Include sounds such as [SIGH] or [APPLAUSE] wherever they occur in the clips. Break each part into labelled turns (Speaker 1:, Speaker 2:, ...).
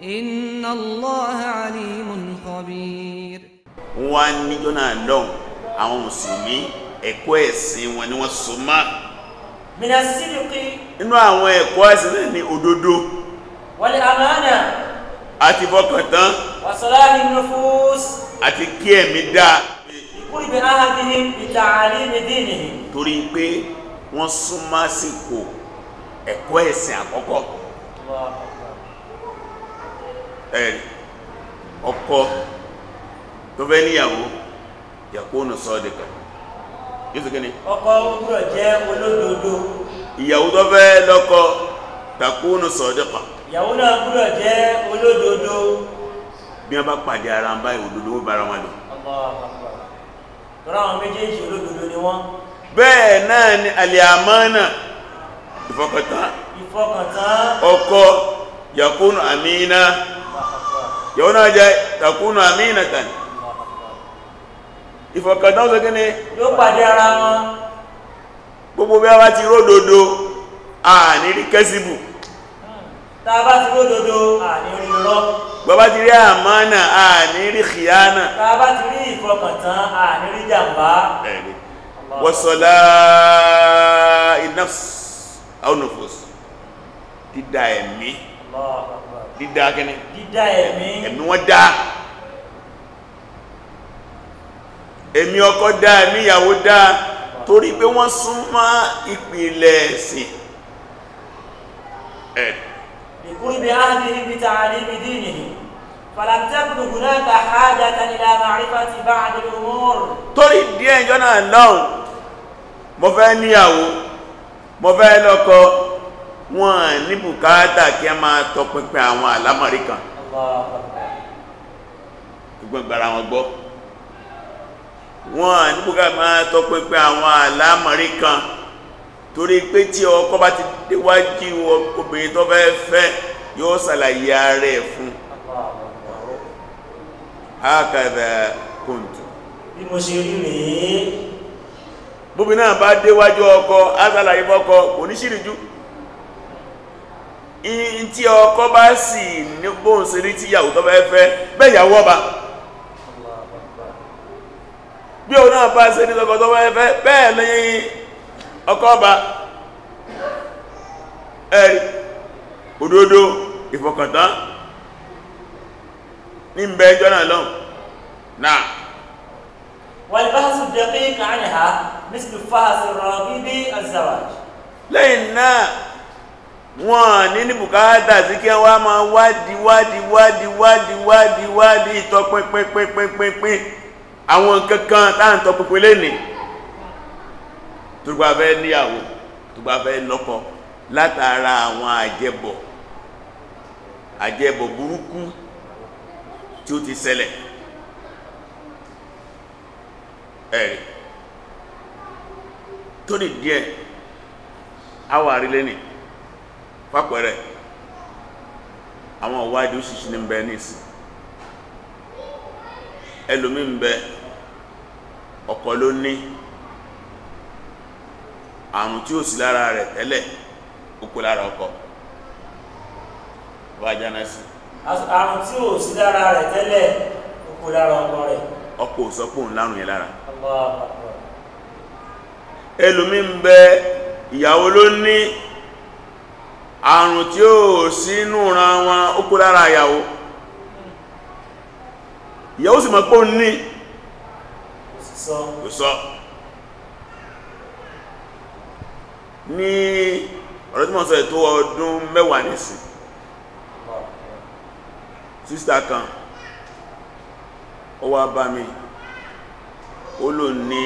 Speaker 1: inna Allaha alimun khabir.
Speaker 2: wọ́n á níjọ́ náà lọ́hùn àwọn mùsùlùmí ẹ̀kọ́ ẹ̀sìn wọn ni wọ́n so mọ́. mina sídìkì. inú àwọn ẹ̀kọ́ ẹ̀sìn náà ni òdodo.
Speaker 1: wal amana.
Speaker 2: àti fọkàntán.
Speaker 1: wa salahi nufus.
Speaker 2: àti kí ẹ̀mí dáa.
Speaker 1: ìkúrì bí ahadihim bi ta'alimi
Speaker 2: dinihim. torí pé wọ́n súnmọ́ àsìkò ẹ̀kọ́ ẹ̀sìn àkọ́kọ́. ẹ̀rì ọkọ tó fẹ́ níyàwó yàkóònù sọ́ọ̀dẹ̀kà yóò kíni
Speaker 1: ọkọ gbọ́dọ̀ jẹ́ olódodo
Speaker 2: ìyàwó tó fẹ́ lọ́kọ takóònù sọ́ọ̀dẹ̀kà
Speaker 1: ìyàwó náà gbọ́dọ̀ jẹ́ olódodo
Speaker 2: bí dodo bá pàdé ara ń báyìí ó bára wọn bẹ́ẹ̀ náà ni ìfọkàntán ọkọ amina. yóò náà jẹ́ takunu aminatan ìfọ̀kàntán sọ kíni yóò pàdé ara wọn gbogbo bí a bá ti ródòdó à ní rí kẹ́sìbù tá a bá ti ródòdó à ní rí rọ́ bàbá ti rí àmánà à ní rí kìíyánà
Speaker 1: tá a bá ti rí ìfọ̀kàntán à ní rí jàmbá
Speaker 2: wọ́sọ̀lá ìnáfs àwọn òfòs dídá ẹ̀mí dídá kíní dídá ẹ̀mí ẹ̀mí wọ́n dá ẹ̀mí ọkọ dá ẹ̀mí ìyàwó dá torí pé wọ́n sún mọ́ ìpìlẹ̀ ẹ̀sìn ẹ̀
Speaker 1: ìkúrúbí áhàdì níbi tààrí ibi dínì fàlàtẹ́kùnù gùnáta hajjá tanilá ma'rífà ti bá àdìlú mọ́rù
Speaker 2: torí díẹ̀ jọ́nà náà mo fẹ́ níyàwó mo fẹ́ lọ́kọ wọ́n ní bùkátà kí a máa àwọn kan gbogbo ìgbàra wọn gbọ́ wọ́n ní bùkátà máa tọpinpin àwọn àlámọ̀rí kan torí pé tí ọkọ bá ti déwájú obìnrin tó fẹ́ fẹ́ yóò ṣàlàyé ààrẹ fún hákàdà kùntù bí mo ṣe rí rèé bóbi náà bá déwájú ọkọ á ṣàlàyé kò ní tí ọkọ bá sì ní bóhùn efe rí tí ìyàwó tó bá fẹ́ bẹ́yàwó ọba bí òun náà bá sí ní ọkọ tó bá fẹ́ bẹ́ẹ̀ lẹ́yìn ọkọ ọba ẹ̀rì òdodo ìfọkàntán ní bẹ ẹjọ́ náà lọ náà
Speaker 1: wàlbáhásù dẹ̀kí kàánìhà mísìlú fáhásù rọ̀gbí bí
Speaker 2: lẹ́yìn náà wọ́n ní ní bùkátà sí kí wá máa wádìí wádìí wádìí wádìí wádìí wádìí ìtọpinpinpinpinpin àwọn kankan táàntọ́ pínpín lẹ́nì túgbà fẹ́ níyàwó túgbà fẹ́ lọ́kọ látara àwọn àjẹbọ àjẹbọ burúkú tí ó ti ṣẹlẹ̀ ẹ̀rì tó nì díẹ̀ awàrí lẹ́nìí pápẹ̀rẹ̀ àwọn ọwa òṣìṣì ní bẹ nìsí ẹlòmí ń bẹ ọkọ àrùn tí o si lara rẹ̀ tẹ́lẹ̀ òkú lara ọkọ wá jáná sí
Speaker 1: àrùn tí ó sì lára rẹ̀ òkú ọkọ rẹ̀
Speaker 2: ọkọ òsọpọ̀ ńlárùn yẹn lára ìyàwó ló ní àrùn tí ó sínú ran wọn ó kó lára ìyàwó ìyàwó sì mọ̀ pé ó ní kò ní ọ̀rọ̀ tí mo sọ ètò ọdún mẹ́wàá nìsìn sísítà kan ó wá bá mi ó lò ní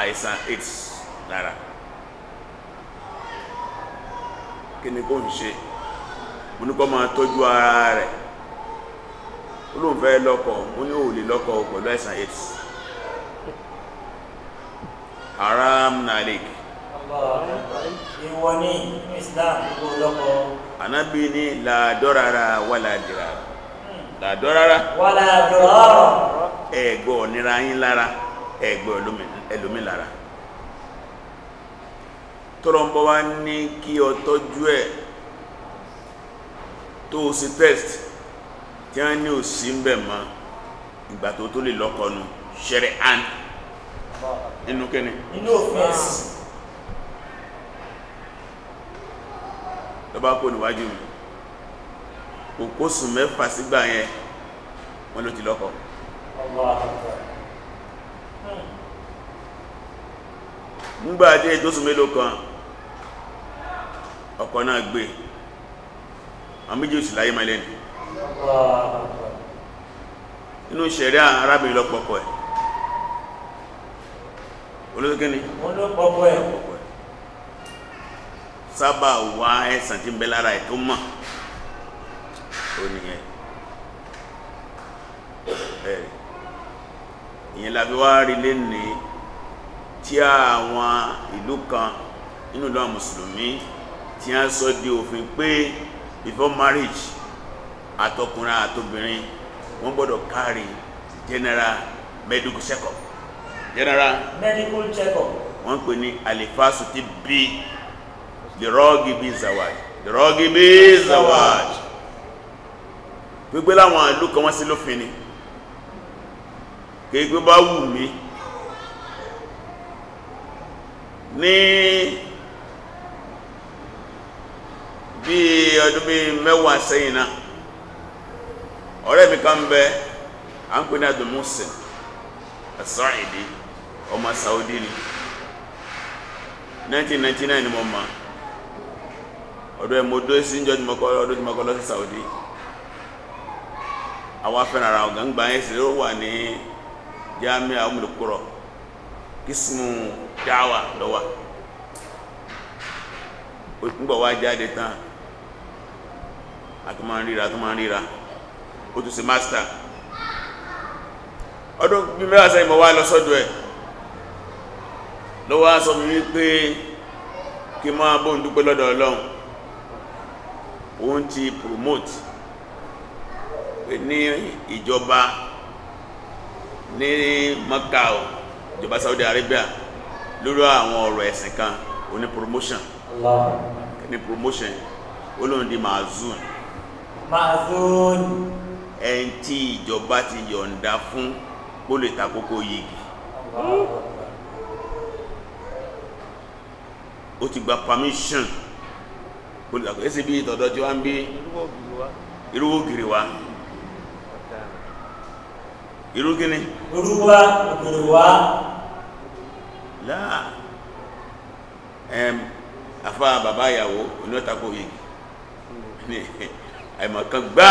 Speaker 2: àìsàn 8 lára kí ni kò ń ṣe mo ní kó máa tọ́jú ara rẹ̀ ó lóun fẹ́ lọ́kọ mo ní òòlè lọ́kọ pẹ̀lú àìsàn aids haram nalik
Speaker 1: ìwọ ní islam gbogbo lọ́kọ
Speaker 2: anábì ní làádọ́rara wà làdìrà làádọ́rara wà làádọ́rara ẹ̀gbọ́ nira yín lára ẹ̀gbọ́ ẹlòmí lára tọ́lọ́mbọ́ wá ní kí ọ tọ́jú ẹ̀ tó ṣe test tí a ní ò sí ń bẹ̀ mọ́ ìgbà tó tó lè lọ́kọ̀ọ́nù ṣẹ̀rẹ̀ àn inú kẹ́ni inú òfẹ́sì lọ́bá kó níwájú mi òkóṣù mẹ́fà sígbà yẹn wọ́n ló ti lọ́kọ nígbà tí ẹjọ́sùn mélòó kan ọkọ náà gbé àwọn méjì ò sì láyé máa lẹ́nu inú ṣẹ̀rẹ́ arábìnrin lọ́pọ̀pọ̀ ẹ̀ olóògíní
Speaker 1: olóòpọ̀pọ̀ ẹ̀
Speaker 2: sábà wá ẹ̀sàn tí ń bẹ lára ẹ̀ tó mọ̀ ó nìyẹn ẹ̀ ìyẹn lábí rí tí àwọn ìlú kan tí a sọ di òfin pé before marriage àtọkùnrin àtobìnrin wọ́n gbọ́dọ̀ kárí general medical check-up general medical check-up wọ́n pè ní alifasu ti bí lèrọ́gì bí zawaj lèrọ́gì bí zawaj gbígbé láwọn ìlú kan wọ́n sí lófin ni kìí gbé bá wù mí ní bí ọdún bí mẹ́wàá sẹ́yìn náà ọ̀rẹ́ mi kan bẹ à ń pè ní Abdul Muhsin as ọmọ Saudi ni 1999 ni mo mọ̀ ọdún ẹ̀ mo dó sí ìjọ tí mo ọdún tí mo kọ́ lọ sí Saudi àwọn afẹ́nara ọ̀gáǹgbà yẹn sì ló wà ní Jami'a Ummul Qura Qismu Da'wa lọ́wà nígbà wá jáde tán àti máa ń ríra tó máa ń ríra ó tún sí master ọdún bí mẹ́wàá sẹ́yìn mọ̀ wá lọ sọ́dọ̀ ẹ̀ lọ́wọ́ sọ mi wípé kí máa bó ń dúpẹ́ lọ́dọ̀ ọlọ́run òun ti promote ní ìjọba ní Macau ìjọba Saudi Arabia lórí àwọn ọ̀rọ̀ ẹ̀sìn kan ó ní promotion Allah ní promotion ó lóun di mazun mahzun ẹn tí ìjọba ti yọ̀ǹda fún kó lè takókó yìí ó ti gba permission kó lè takókó ẹsẹ̀ bí ìtọ̀dọ̀ tí wá ń bí irúwó gírí wa irú gíní
Speaker 1: irúwá gírí wa
Speaker 2: láà ẹm afá bàbá ìyàwó oníwọ́takó yìí àìmọ̀kan gbá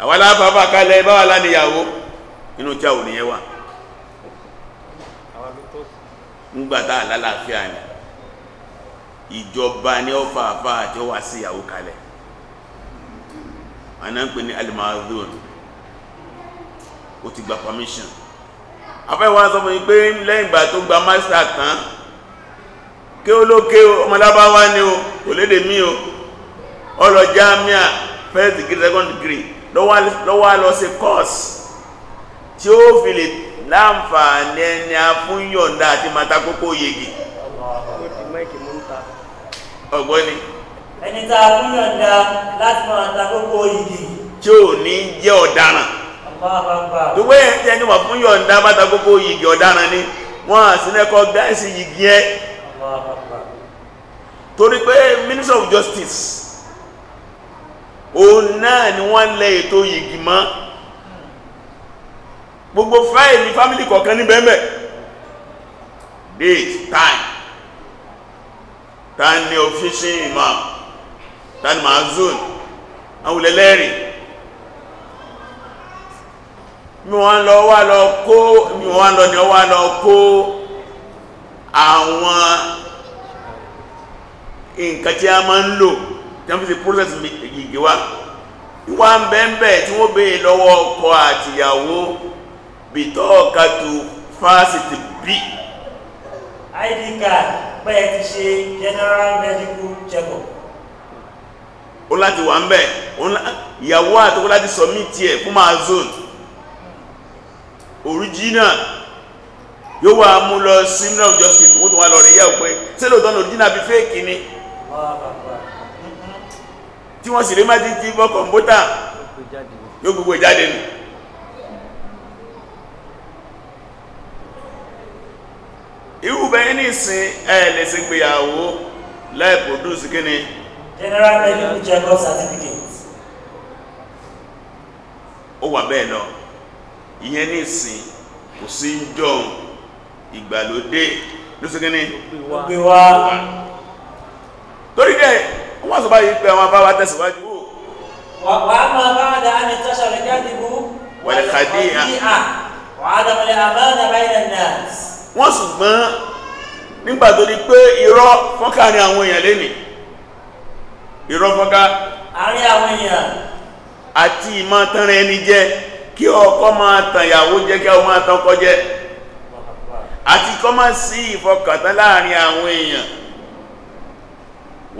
Speaker 2: àwọn aláfàfà kalẹ̀ báwà láníyàwó inú tí a ò níyẹ wà ńgbàtà àlàáfíà ni ìjọba ní ọfà àfà àti ọwà sí ìyàwó kalẹ̀ àná ń pè ní alimadun ó ti gba permission afẹ́wọ́n sọ fún yí pé lẹ́yìn ìgbà tó gba master tán kí ó lókè ọmọlábáwá ní o kò lédè mí o ọlọ jamia first degree second degree lọ́wọ́ lọ sí course tí ó fi lè láǹfààní ẹni a fún yọ̀ǹda àti mata kókó yegi ọgbọ́ni
Speaker 1: ẹni tá a fún yọ̀ǹda láti mata kókó yegi
Speaker 2: tí ò ní jẹ́ ọ̀daràn gbogbo ẹ̀yẹn tí ẹni wà fún yọ̀ǹda mata kókó yegi ọ̀daràn ni wọ́n àsìnẹ́kọ́ gáìsì yìí gẹ́ torí pé minister of justice òun náà ni wọ́n lẹ ètò yìí mọ́ gbogbo fáìlì fámílì kọ̀ọ̀kan ní bẹ́ẹ̀mẹ̀ days time ta ni official imam time ni mazun àwọn olẹ́lẹ́rìn mi wọ́n lọ wá lọ kó mi wọ́n lọ ni wá lọ kó àwọn nǹkan tí a máa ń lò tí a fi sí process gìgì wá ìwà ń bẹ́ẹ̀bẹ̀ tí wọ́n bèèrè lọ́wọ́ ọkọ àtìyàwó bìtọ́ọ̀kàtù fásitì bí
Speaker 1: id card pẹ́ ti ṣe general medical check-up
Speaker 2: ó láti wà ń bẹ̀ ìyàwó àtọ́kọ́ láti submit ẹ̀ fún máa zone original yóò wá mú lọ seminar of justice wọ́n tún wá lọ rí yẹ́ òpin tí lóòótọ́ ní òdínà bí fẹ́ẹ̀kì ni tí wọ́n sì rí má títí bọ́ kọ̀m̀pútà yóò gbogbo ìjáde nù irúbẹ̀ ní ìsìn ẹ̀ẹ̀lẹ̀ sí gbéyàwó láì produce kí ni
Speaker 1: general medical check-up certificate
Speaker 2: ó wà bẹ́ẹ̀ lọ ìyẹn ní ìsìn kò sí jọun ìgbàlódé lóṣèkíní gbé wá torí dẹ̀ wọ́n sọ báyìí pé àwọn afáwà tẹ̀síwájú wò wà
Speaker 1: máa bá àdá àmì tọ́ṣà rẹ̀ gádìbú
Speaker 2: wẹ̀lẹ̀ kàdíyà
Speaker 1: wà ádàmọ̀lẹ̀ àbáàdà báyìí nà
Speaker 2: wọ́n ṣùgbọ́n nígbà tó di pé irọ́ fọ́nká ní àwọn èèyàn lénìí irọ́ fọ́nká àárín àwọn èèyàn àti ìmọ̀ tanrin ẹni jẹ kí ọkọ máa tàn ìyàwó jẹ kí ọmọ àtọkọ jẹ àti kọ́mọ́ sí ìfọkàntán láàrin àwọn èèyàn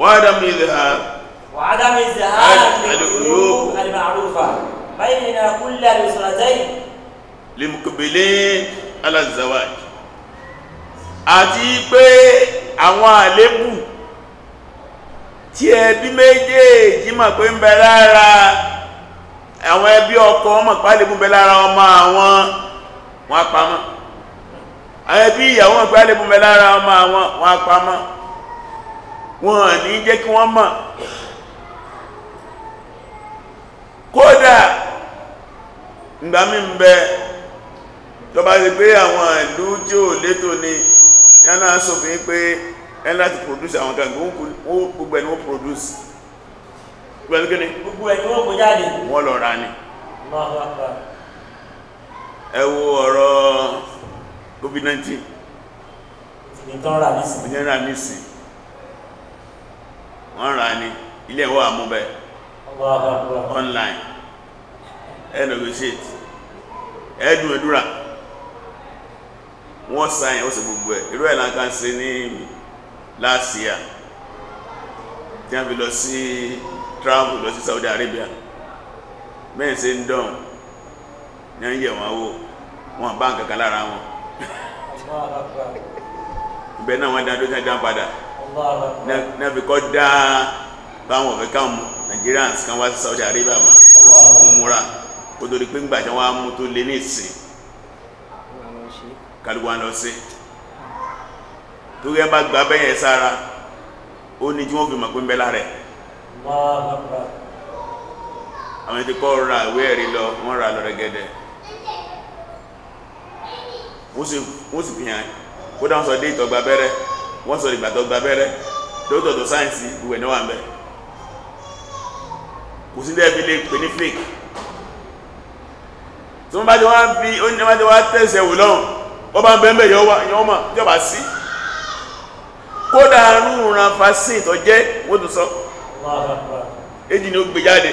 Speaker 2: wádàmì ìzẹ̀há wádàmì ìzẹ̀há alìkúrò alìmàrúfà
Speaker 1: báyìí na kúlẹ̀ alìsọ̀rọ̀tẹ́yì
Speaker 2: limukubele alazawa àti pé àwọn àlébù tí ẹbí méjèèjì mọ̀ pé ń bẹ lára àwọn ẹbí ọkọ mọ̀ pálébù bẹ lára ọmọ àwọn wọn pamọ́ àwọn ẹbí ìyàwó wọn pé alébù mẹ́ lára ọmọ àwọn wọn apamọ́ wọn ní jẹ́ kí wọ́n mọ̀ kódà ìgbàmí ń bẹ tó rí pé àwọn ìlú tí ó létò ni yánà sófin pé ẹni láti produce àwọn kan gbogbo ẹni produce gbogbo lọ ra ni ọ̀rọ̀ covid nineteen.
Speaker 1: ìtàn rà nísìn
Speaker 2: ìtàn rà nísìn wọ́n rà ní ilé ẹ̀wọ́ àmúbẹ̀ online negotiate ẹ̀ẹ́dùn ẹ̀dúrà wọ́n sáyẹn ó sì gbogbo ẹ̀ irú ẹ̀ láǹkà ṣe ní last year tí a fi lọ sí travel lọ sí Saudi Arabia mẹ́rin ṣe ń dán ní ẹ̀yẹ̀ wọn wò wọn bá nǹkan kan lára wọn bẹ́ẹ̀ náà wọ́n dá tó dá padà náà fi kọ́ báwọn ọ̀fẹ́ káwọn Nigerians kan wá sí Saudi ma mú múra kó tó pé ńgbà tí wọ́n á mú tó lé ní ìsìn kálukú wọn lọ sí torí ẹ bá gbà bẹ́yẹn sára ó ní tí wọ́n fi mọ̀ pé ń lára kọ́ ra ìwé ẹ̀rí lọ wọ́n ra lọ wọ́n sì fi hàn kó dáwọn sọ dé ìtọ́gba abẹ́rẹ́ wọ́n sọ ìgbà tọ́gba abẹ́rẹ́ dókítà tó sáyẹ̀nsì ìwẹ̀ náà wà ń bẹ̀ kò sí dẹ́ẹ̀bí lè pè ní flake tí wọ́n bá ti wá fi oúnjẹ bá ti wá tẹ̀sẹ̀ wò lọ́rùn ó bá ń bẹ́ mẹ́ yọ́mọ̀ jọba sí kódà rúrun ran fasin wọ́n tún sọ èjì ni ó gbé jáde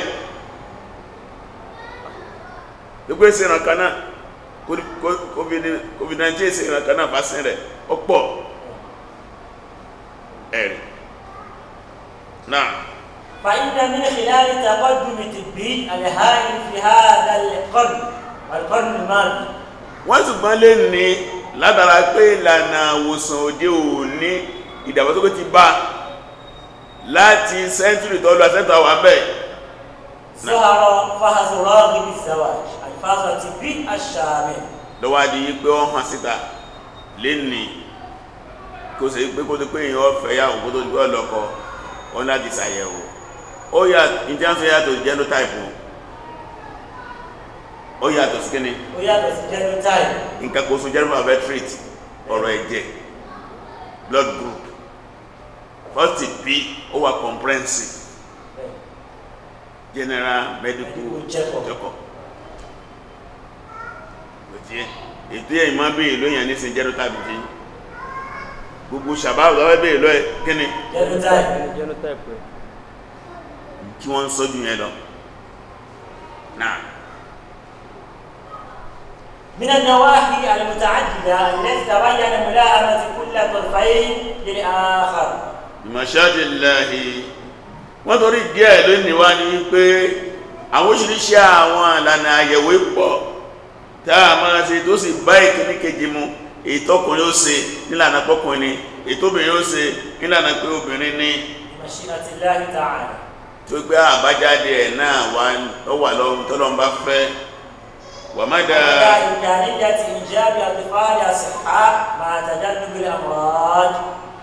Speaker 2: gbogbo kan náà covid-19 sí ìrànkan náà fásín rẹ̀ ọ̀pọ̀ ẹ̀rì náà
Speaker 1: fàídà nínú ìlàrí tàbájú mi ti bí àlẹ́háyìn fi ha dálẹ̀ kọ́nù alkọ́nù márùn
Speaker 2: wọ́n ṣùgbọ́n lè ní látara pé ìlànà àwòsàn òde òní ìdàgbàsókè ti bá láti sẹ́ńtúrì tọ́lú àṣẹ́ntà wà bẹ́ẹ̀
Speaker 1: sọ́rọ̀ fáhásọ̀rọ̀ níbi ìsẹ́wàá fásitì bí àṣàmì
Speaker 2: ló wá di pé ó hàn síta lè ní kó se pé kó tó pé èyàn ọ̀fẹ́ yà òkú tó gbọ́ lọ́kọ wọn láti ṣàyẹ̀wò ó yà ìjánsọ yàtọ̀ genotype ó yàtọ̀ sí kíni ó
Speaker 1: yàtọ̀ sí genotype
Speaker 2: nǹkan kó so general vertebrate ọ̀rọ̀ ẹ̀jẹ̀ blood group first p ó wà comprehensive general medical check-up díẹ̀ ètò ẹ̀yìn máa bèèrè ló yàn ní sin genotype tí gbogbo sàbáwò lọ́wọ́ bèèrè lọ kí ni genotype kí wọ́n ń sọ́jú yẹn lọ
Speaker 1: من النواحي المتعددة التي تبين ملاءمة كل طرفين للآخر
Speaker 2: بمشاد الله wọ́n torí díẹ̀ lónìí wá ní wípé àwọn oṣìṣẹ́ táà máa ṣe tó sì bá ìkíní kejì mu ìtọ́kùnrin ó ṣe nílànà pọ́kùnrin ìtóbìnrin ó ṣe nílànà pé obìnrin ní tó gbé àbájáde ẹ̀ náà wà wà lọ́run tọ́lọ́run bá fẹ́ wà má dáa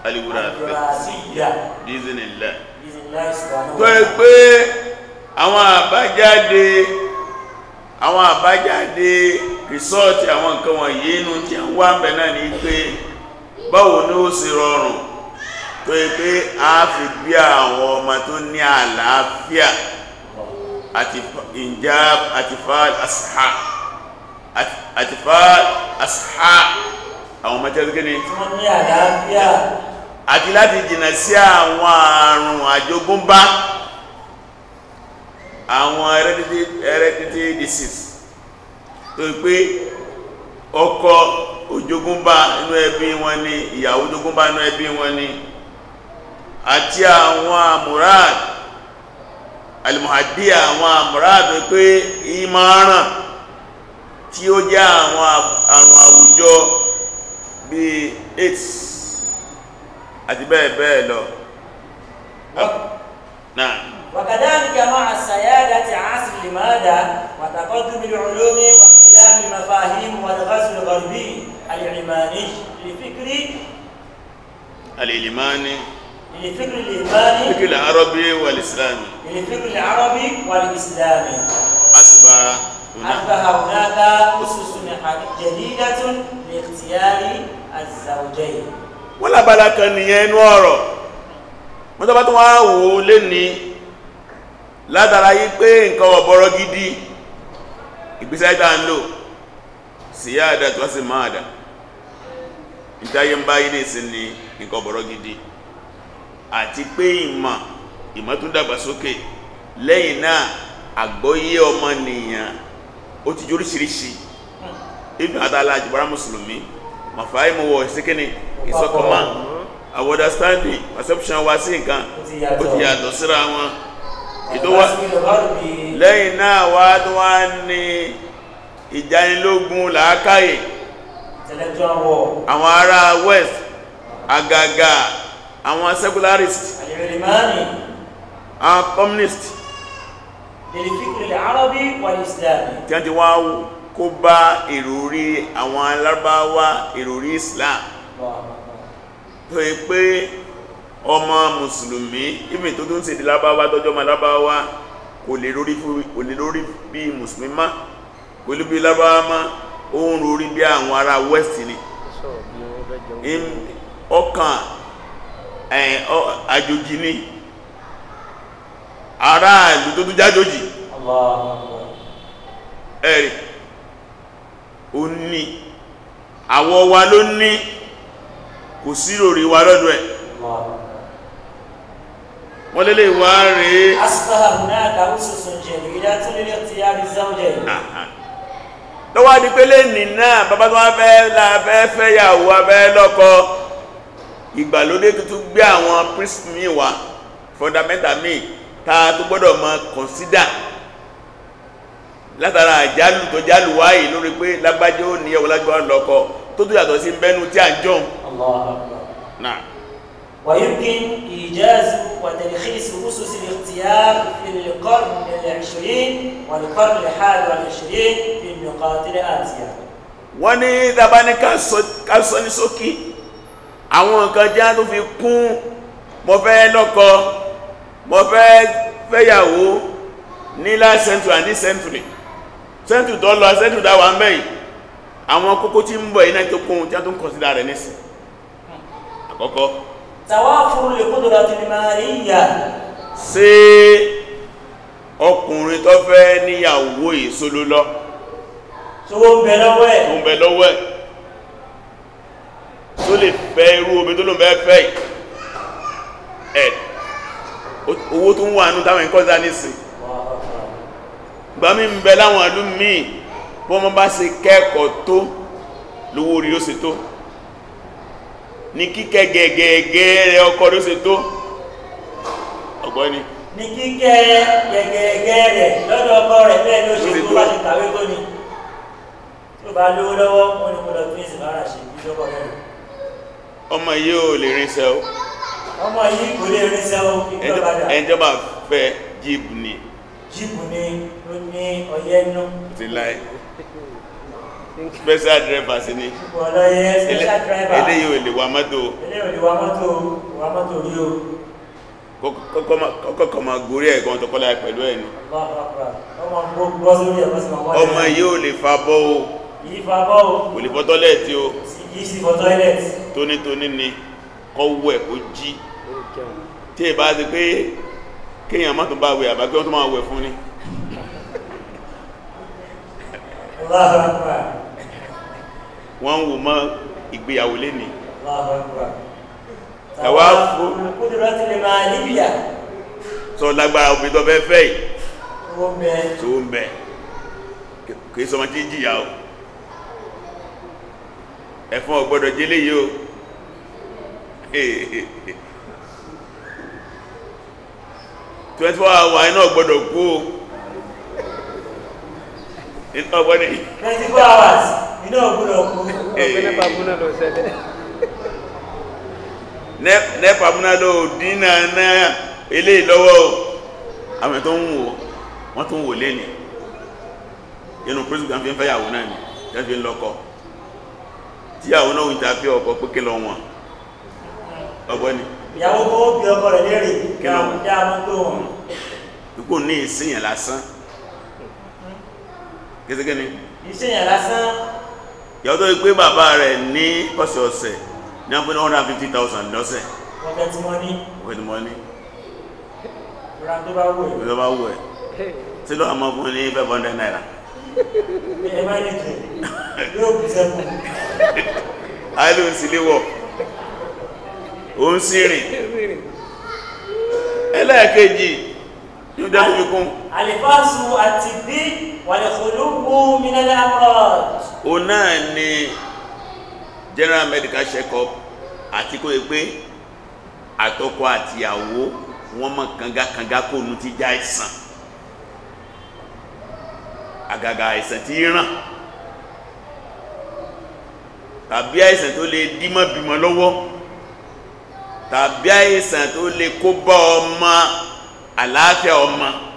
Speaker 2: alìwúra fẹ́ bízinilá tó gbé àwọn àbájáde àwọn àbájáde rìsọ́ọ̀tì àwọn nǹkan wọ̀nyí inú tí ń wá bẹ̀ náà ní pé báwo ni ó sì rọrùn tó yẹ pé a fi bí àwọn ọmọ tó ní àlàáfíà àti ìjáb àti fàáj àṣà àti fàáj àṣà àwọn ọmọ tẹ́lú gẹ́ni
Speaker 1: ní àlàáfíà
Speaker 2: àti láti jìnà sí àwọn àrùn àjogúnbá àwọn hereditary disease tó pé ọkọ òjogúnbá inú ẹbí wọn ni ìyàwó òjogúnbá inú ẹbí wọn ni àti àwọn amurad alimuhadi àwọn amurad pé ìmọ̀ràn tí ó jẹ́ àwọn àrùn àwùjọ bí aids àti bẹ́ẹ̀ bẹ́ẹ̀ lọ náà
Speaker 1: وكذلك مع السيادة عصر لماذا وتقدم العلوم واختلاف المفاهيم والغزو الغربي العلماني لفكر
Speaker 2: الإلماني للفكر الإلماني الفكر العربي والإسلامي للفكر
Speaker 1: العربي والإسلامي
Speaker 2: أصبح أصبح هناك
Speaker 1: أسس جديدة لاختيار الزوجين
Speaker 2: wọ́n lábala kan nìyẹn inú ọ̀rọ̀ mọ́tọ́bá tó wá wò ó lé ní látara yí pé nǹkan ọ̀bọ̀rọ̀ gidi ìgbésẹ̀ ìta ń lò sí yá àdá tó sì máa dà ìtayé ń bá ilé sí ni nǹkan ọ̀bọ̀rọ̀ gidi àti pé ìmọ̀ ìmọ̀ tún dàgbà sókè lẹ́yìn náà àgbọ́yé ọmọnìyàn ó ti jóríṣiríṣi ibi àtàlà àjùbára mùsùlùmí màfàá ìmọ̀wọ̀ ìsíkíní ìsọkọ̀má our understanding perception wa sí nǹkan ó ti yàtọ̀ síra wọn lẹ́yìn náà wá tó wá ní ìjánilógún làákàyè àwọn ará west àgàgà àwọn secularist àwọn communist tí a ti wá kó bá ìròrí àwọn alárúbáwá ìròrí Islam tó yí pé ọmọ mùsùlùmí even tó tó ń ṣe lábáwá tọ́jọ́ ma lábáwá kò lè lórí bí mùsùlùmí má kò lè bí lábáwá má ó ń rorí bí àwọn ará west ni ọkàn àjòjì ni ará ìlú tó tó jájòjì ẹ̀rì ó ní àwọ̀ wa ló ní kò sí lórí wa lọ́dọ̀ ẹ̀ wọ́n lè lè wá rèé lọ́wọ́ di pé lè nì náà bàbá tó wọ́n fẹ́ láàfẹ́ fẹ́ yàwó abẹ́ lọ́kọ ìgbàlódé tuntun gbé àwọn principle mi fundamental mi ta tó gbọ́dọ̀ mọ́ consider látara àjálù tó jálù wáyé lórí pé lágbájé ó ní ẹwọ́ lágbájé lọ́kọ tó tó yàtọ̀ sí bẹ́nu tí à ń jọun ويمكن
Speaker 1: إيجاز وتلخيص أسس الاختيار في القرن العشرين والقرن الحادي والعشرين في النقاط الآتية
Speaker 2: wọ́n ní ìdábáni ká sọ ní sókí àwọn nǹkan jẹ́ tó fi kún mo fẹ́ lọ́kọ mo fẹ́ fẹ́yàwó ní last century and this century century tó lọ century dáwà mẹ́yìn àwọn kókó tí ń bọ̀ iná tó kún tí a tó ń consider rẹ̀ nísìn àkọ́kọ́
Speaker 1: tawafuru lè kúndùrà ti mariya
Speaker 2: ṣe ọkùnrin tó fẹ́ níyàwó ìsolú lọ tó ń bẹ lọ́wọ́ ẹ̀ tó ń bẹ lọ́wọ́ ẹ̀ tó lè fẹ́ irú omi tó ló ń bẹ fẹ́ ẹ̀ owó tó ń wà ní táwọn ìkọ́ta nìsìn gbàmí ń bẹ láwọn ìlú bọ́n bá ṣe kẹ́kọ̀ọ́ tó lówó orí ó ṣe tó ní kíkẹ́ gẹ̀gẹ̀gẹ̀ rẹ̀ ọkọ ló ṣe tó ọ̀gbọ́ni
Speaker 1: ní kíkẹ́ gẹ̀gẹ̀gẹ̀ rẹ̀ lọ́dọ̀ ọkọ rẹ̀ bẹ́ẹ̀ ló ṣe tó bá ti kàwé tó ni tó bá lówó lọ́wọ́ wọn ni mo lọ tún ìsìn lára ṣe bí lọ́kọ̀ rẹ̀
Speaker 2: ọmọ yìí ò lè rinṣẹ́ o
Speaker 1: ọmọ yìí kò lè rinṣẹ́ o ìjọba dà ẹjọba
Speaker 2: fẹ́ jíìbù ni
Speaker 1: jíìbù ni ó ní ọyẹ́ nú
Speaker 2: ti láì special driver sí ni ọ̀lọ́ yẹ special driver eléyìí ò lè wa mọ́tò eléyìí ò lè wa mọ́tò wa mọ́tò rí o kọ́kọ́ ma gorí ẹ̀gọ́n tó kọ́lá pẹ̀lú ẹ̀nu ọmọ yìí ò lè fa bọ́ o kò lè fọ́tọ́lẹ̀ tí o tónítóní ni kọ́wọ́ ẹ̀ kó jí tí è bá ti pé kéèyàn má tún bá wẹ̀ àbágbé wọn tó máa wẹ̀ fún ni Allahu Akbar wọ́n ń wò mọ́ ìgbéyàwó lẹ́ni tàwà fún sọ lágbára obìnrin tó fẹ́ fẹ́
Speaker 1: yìí
Speaker 2: tó ń bẹ kìí sọmọ tí jìyà o ẹ̀fún ọ̀gbọ́dọ̀ jẹ́ léyìí o [LAUGHS] twenty four hour iná ọ̀gbọ́dọ̀ kú o ọ̀gbọ́dọ̀
Speaker 1: twenty four hours iná ògbónà kú.
Speaker 2: nẹ́pà múná ló dínà náà eléyìí lọ́wọ́ àwọn tó ń wò wọ́n tó ń wò lé ní inú prison kan fi ń fẹ́yàwó náà ni tẹ́ fi ń lọ́kọ tíyàwó náà ń ta fi ọkọ pé kí lọ wọn ọgbọ́n ni
Speaker 1: ìyàwó kó bí ọkọ rẹ̀ lérí dáàmú tó wọn
Speaker 2: ikú ní ìsìnyàn lásán kìsíkẹ́ yàwó tó pé bàbá rẹ̀ ní ọ̀sẹ̀ọ̀sẹ̀ ní wọ́n pín ní 150,000 lọ́sẹ̀
Speaker 1: pocket money
Speaker 2: pocket money tó bá wù
Speaker 1: ẹ̀
Speaker 2: tí ló àmọ́ fún ní 500 naira
Speaker 1: ẹ má ní kí yóò kù sẹ́kù
Speaker 2: àìlò ìsìléwọ̀ ó ń sí rìn ẹlẹ́ẹ̀kejì yóò dá lójú kún
Speaker 1: àlìfáàsù àti bí wàlẹ̀kùlùkù minal amrad.
Speaker 2: o náà ni general medical check-up àti kó yẹ pé àtọkọ àtìyàwó wọn mọ kangakanga kó nu ti já àìsàn àgàgà àìsàn tí ràn tàbí àìsàn tó lè dímọ bímọ lọ́wọ́ tàbí àìsàn tó lè kó bá ọmọ àlàáfíà ọmọ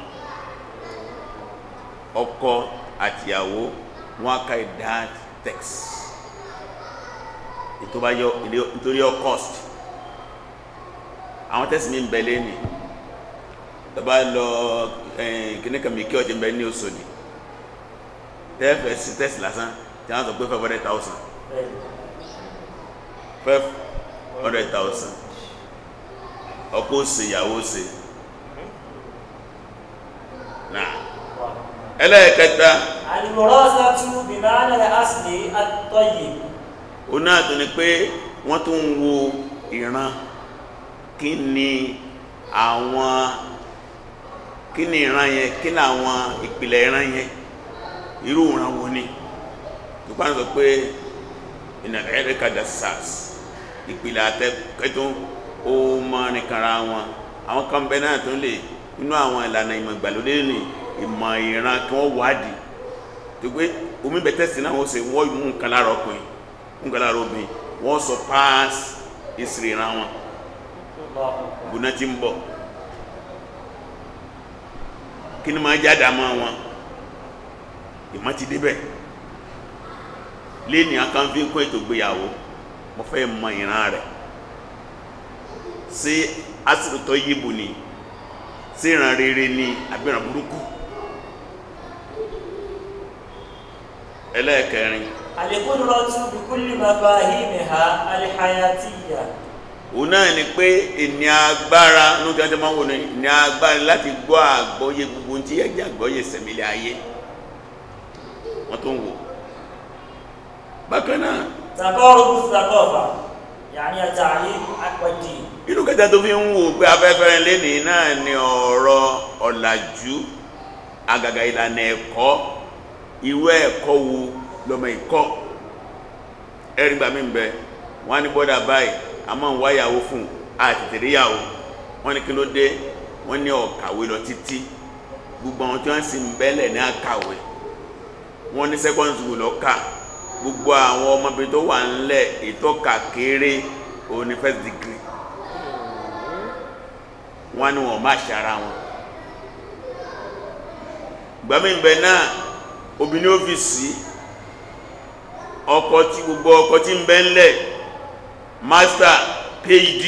Speaker 2: ọkọ àtìyàwó wọn ká that text ètò bá yọ nítorí ọ cost àwọn tẹ́sí mi ń bẹ̀lẹ́ ni tọba lọ kìnnìkànmí kí ọjọ́ ń bẹ ní oṣù ni tẹ́fẹ̀ẹ́ sí tẹ́sí lásán tí wọ́n sọ pé five hundred thousand
Speaker 1: five hundred thousand
Speaker 2: ọkọ òsè ìyàwó òsè náà ẹlẹ́ẹ̀kẹta
Speaker 1: al-murasatu bi ma'na al-asli at-tayyib
Speaker 2: ó náà tó ní pé wọ́n tó ń wo ìran kí ni àwọn kí ni ìran yẹn kí ni àwọn ìpìlẹ̀ ìran yẹn irú ìran wo ni tó bá ń sọ pé ìnàkẹ́rẹ́kà dasas ìpìlẹ̀ àtẹ́kẹ́tún ó mọ́ nìkanra wọn àwọn kan bẹ náà tó lè nínú àwọn ìlànà ìmọ̀ ìgbàlódé nìyí ìmọ̀ ìran kí wọ́n wádìí tó pé omi bẹ̀tẹ́sì náà wọ́n ṣe wọ́n mú nǹkan lára ọkùnrin mú nǹkan lára obìnrin wọ́n sọ pass ìsìn ìran wọn gbóná ti ń bọ̀ kí ni máa wọn ìmọ̀ ti débẹ̀ léèní akáńfí ń ètò ìgbéyàwó mo fẹ́ mọ rẹ̀ ṣé àsìkò tó ni ṣé ìran rere ni àbí ìran ẹlẹ́ẹ̀kẹrin.
Speaker 1: al-qudratu bi kulli ha al-hayatiyya.
Speaker 2: òun náà ni pé ìní agbára ní ojú wò ìní agbára láti gbọ́ àgbọ́yé gbogbo tí ẹ̀jẹ̀ àgbọ́yé sẹ̀mílẹ̀ ayé wọ́n tó ń wò. bákan náà.
Speaker 1: taqarubu thaqafa yàní ọjà ayé àpẹjì.
Speaker 2: inú kẹta tó fi ń wò pé afẹ́fẹ́ náà ni ọ̀rọ̀ ọ̀làjú àgàgà ìlànà ẹ̀kọ́ ìwé ẹ̀kọ́ wo lọmọ ìkọ́ ẹ̀rìgbà mi ń bẹ wọ́n ní bọ́dà báyìí a máa ń wáyàwó fún àtìtìríyàwó wọ́n ní kí ló dé wọ́n ní ọ̀kàwé lọ títí gbogbo àwọn tí wọ́n sì ń bẹ́lẹ̀ ní àkàwé wọ́n ní second school lọ́kà gbogbo àwọn ọmọbìnrin tó wà ńlẹ̀ ìtọ́ka kéré òun ní first degree wọ́n ní wọ́n má ṣe ara wọn gbàmí náà obìnrin ó fi sí ọkọ tí gbogbo ọkọ tí ń bẹ ńlẹ̀ master phd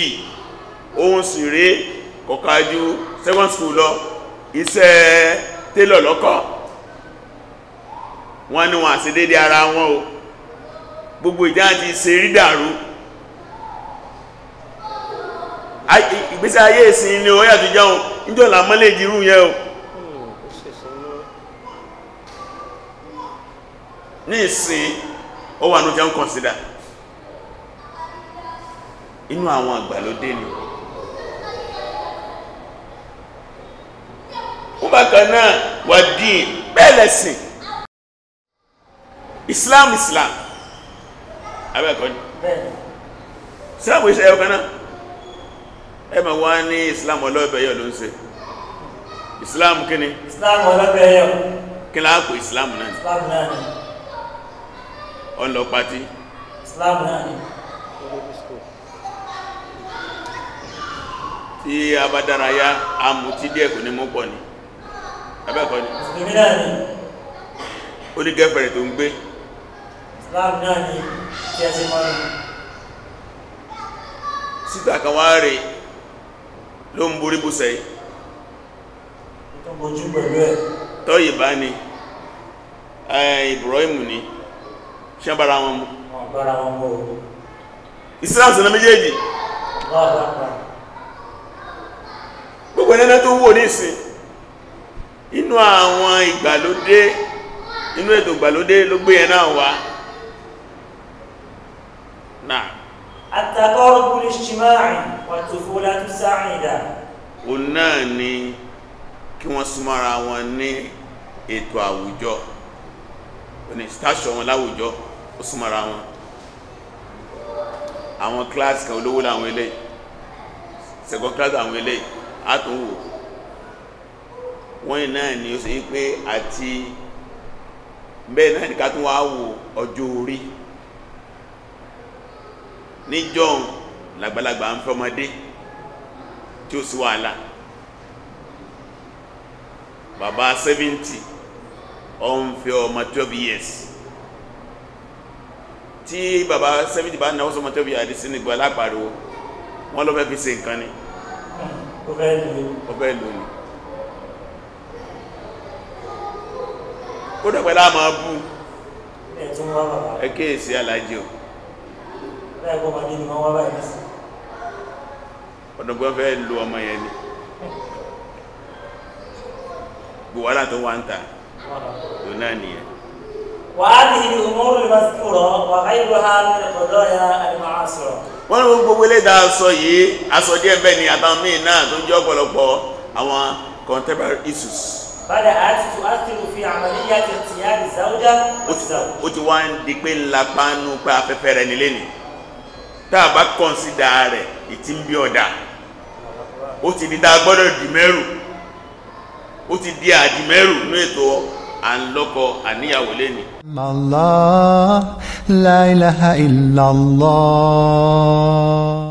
Speaker 2: ohun sì rí kọkàájú second school lọ iṣẹ́ tailor lọ́kọ́ wọ́n ní wọ́n àti dédé ara wọn o gbogbo ìjá àti ṣe rí dàrú ìgbésí ayé ìsin ni ó yàtọ̀ jẹun níjọ́ làmọ́lẹ̀ ìdírú yẹn o ní ìsìn ó wà ní ń consider inú àwọn àgbàlódé ni ó bákan náà wà dín bẹ́ẹ̀lẹ̀ sìn Islam Islam abẹ́ẹ̀kọ́ ni Islam ìṣẹ́ ẹ̀kọ́ náà ẹ wá ní Islam ọlọ́ọ̀bẹ̀ yọ ló ń ṣe Islam kíni Islam ọlọ́ọ̀bẹ̀ yọ kí láàpù Islam náà ọ lọ pàtí tí a bá dára yá a mú tí díẹ̀ kò ní mú pọ̀ ní abẹ́kọ́ ni ó ní gẹ́fẹ̀rẹ̀ tó ń gbé síta kan wá rèé ló ń borí búsẹ̀ yìí tó yìí bá ní ni ṣe ń bára wọn mú ìsìláàsì ní méjèèjì gbogbo ẹ̀nà tó wò ní ìsìn inú àwọn ìgbàlódé inú ètò ìgbàlódé ló gbé ẹ̀ náà wá náà
Speaker 1: àtàkọ́rùn-ún lè ṣímá àrìn wàtòfó látú sáàrìn
Speaker 2: náà ni kí wọ́n súnmọ́ra wọn ní ètò àwùjọ oní ìsìtáṣọ́ wọn láwùjọ ó súnmọ́ra wọn àwọn kíláàsì kan olówó láwọn ilé second class àwọn ilé àtúnwò wọ́n yìí náà ni ó sì pé àti bẹ́ẹ̀ náà ní ká tún wá wo ọjọ́ orí níjọ́ làgbàlagbà ń fẹ́ ọmọdé tí ó sì wàhálà bàbá 70 ó ń fẹ́ ọmọ 12 years tí bàbá sẹ́fìdì bá náwó sọmọ tóbi àdísí ní gbọ́ alápàríwó wọ́n ló fẹ́ fi ṣe nǹkan ni ọ̀fẹ́ ìlú ni ó dẹ̀pẹ̀ láàmà bú ẹ̀kẹ́ èsì alájí o ọ̀dọ̀gbọ́n fẹ́ lo ọmọ yẹn ni gbòwálà tó wá ń ta tó náà nìyẹn
Speaker 1: وهذه الأمور المذكورة وغيرها من القضايا المعاصرة
Speaker 2: wọ́n ní gbogbo ilé dáa sọ yìí aṣọ díẹ̀ bẹ́ẹ̀ ni àtàwọn míì náà tó ń jẹ́ ọ̀pọ̀lọpọ̀ àwọn contemporary issues. bàdà
Speaker 1: àti tó àtìrù fi àmàlíyà ti tìyà sáwùjá
Speaker 2: ó ti wá ń di pé pé afẹ́fẹ́ nílé ni tá a bá kọ́nsídà rẹ̀ ìtì ń bí ọ̀dà ó ti di dá gbọ́dọ̀ dìmẹ́rù ó ti di ní à ń lọ́kọ àníyàwó lẹ́ni.
Speaker 1: Allah la ilaha illallah.